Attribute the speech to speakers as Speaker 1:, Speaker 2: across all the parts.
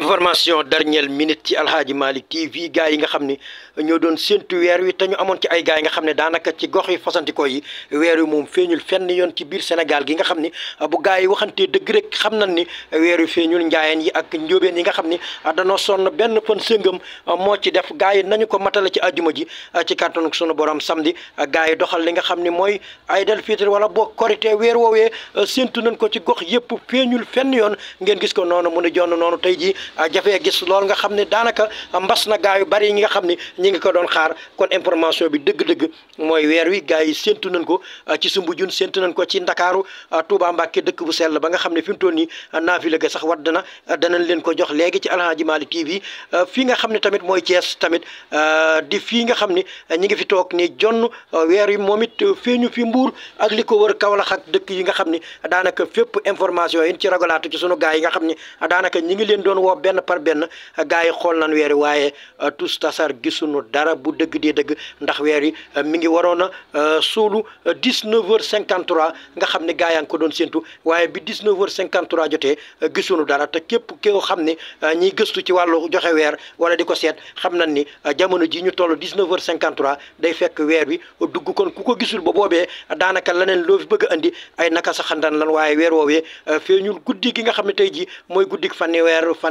Speaker 1: information dernière minute ci Aladji Malick TV gars yi nga xam ni ñoo doon séntu weer wi tañu ñu amoon ci ay gars yi nga xam ne daanaka ci gox yi fasantikoo yi weer wi moom feeñul fenn yoon ci biir Sénégal gi nga xam ni bu gars yi waxantee dëgg rek xam nañ ni weer wi feeñul njaayeen yi ak njóobeen yi nga xam ni danoo sonn benn fan sëngam moo ci def gars yi nañu ko matale ci àjjuma ji ci kàttanu sunu borom samedi gars yi doxal li nga xam ni mooy Aïdul Fitr wala boo korité weer woowee séntu nañ ko ci gox yëpp feeñul fenn yoon ngeen gis ko noonu mu ne jonn noonu tey jii a jafe gis lool nga xam ne daanaka mbas na gaa yu bari yi nga xam ne ñi ngi ko doon xaar kon information bi dëgg-dëgg mooy weer wi gaa yi séntu nañ ko ci Soumbédioune séntu nañ ko ci Ndakaaru Touba Mbàkke dëkk bu sell ba nga xam ne fi mu toll nii naafila ga sax wadd na danañ leen ko jox léegi ci Aladji Malick TV fii nga xam ne tamit mooy Thiès tamit di fii nga xam ne ñi ngi fi toog ni jonn weer yi moom it feeñu fi mbuur ak li ko wër Kaolack ak dëkk yi nga xam ne daanaka fépp information yi ci ragalaatu ci sunu yi nga xam ne daanaka ñi ngi leen doon woo benn par benn gars yi xool nañ weer yi waaye euh, tous tasar gisuñu dara bu dëgg dee dëgg ndax weer yi euh, mi ngi waroon a euh, suulu 19 heures 53 nga xam ne gars yaa ngi ko doon séntu waaye bi 19 heures 53 jotee gisuñu dara te képp koo xam ne ñiy gëstu ci wàllu joxe weer wala di ko seet xam nañ ni jamono ji ñu toll 19 heures 53 day fekk weer wi dugg kon ku ko gisul ba boobee daanaka leneen loo fi bëgg a indi ay naka sa xandan lan waaye weer woowee feeñul guddi gi nga xam ne tey ji mooy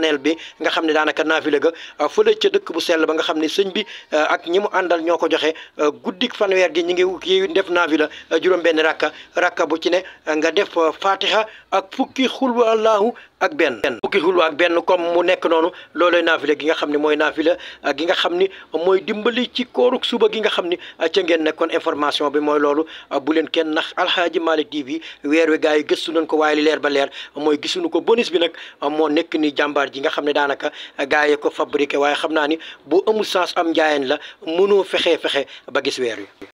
Speaker 1: ñaareel bi nga xam ne daanaka naafila ga euh, fële ca dëkk bu sell ba nga xam ne sëñ bi euh, ak ñi mu àndal ñoo ko joxe euh, guddik weer gi ñi ngi kii def naafila juróom benn rakka rakka bu ci ne nga def fatiha ak fukki xulwa allahu ak benn fukki xulwa ak benn comme mu nekk noonu loolooy naafila gi nga xam ne mooy naafila gi nga xam ni mooy dimbali ci kooruk suba gi nga xam ni ca ngeen nekkoon information bi mooy loolu bu leen kenn nax Alxaaji Malick TV weer wi gars yi gëstu nañ ko waaye leer ba leer mooy gisuñu ko bonus bi moo yi nga xam ne daanaka gars yi ko fabriqué waaye xam naa ni boo amul sens am njaayeen la mënoo fexe fexe ba gis weer wi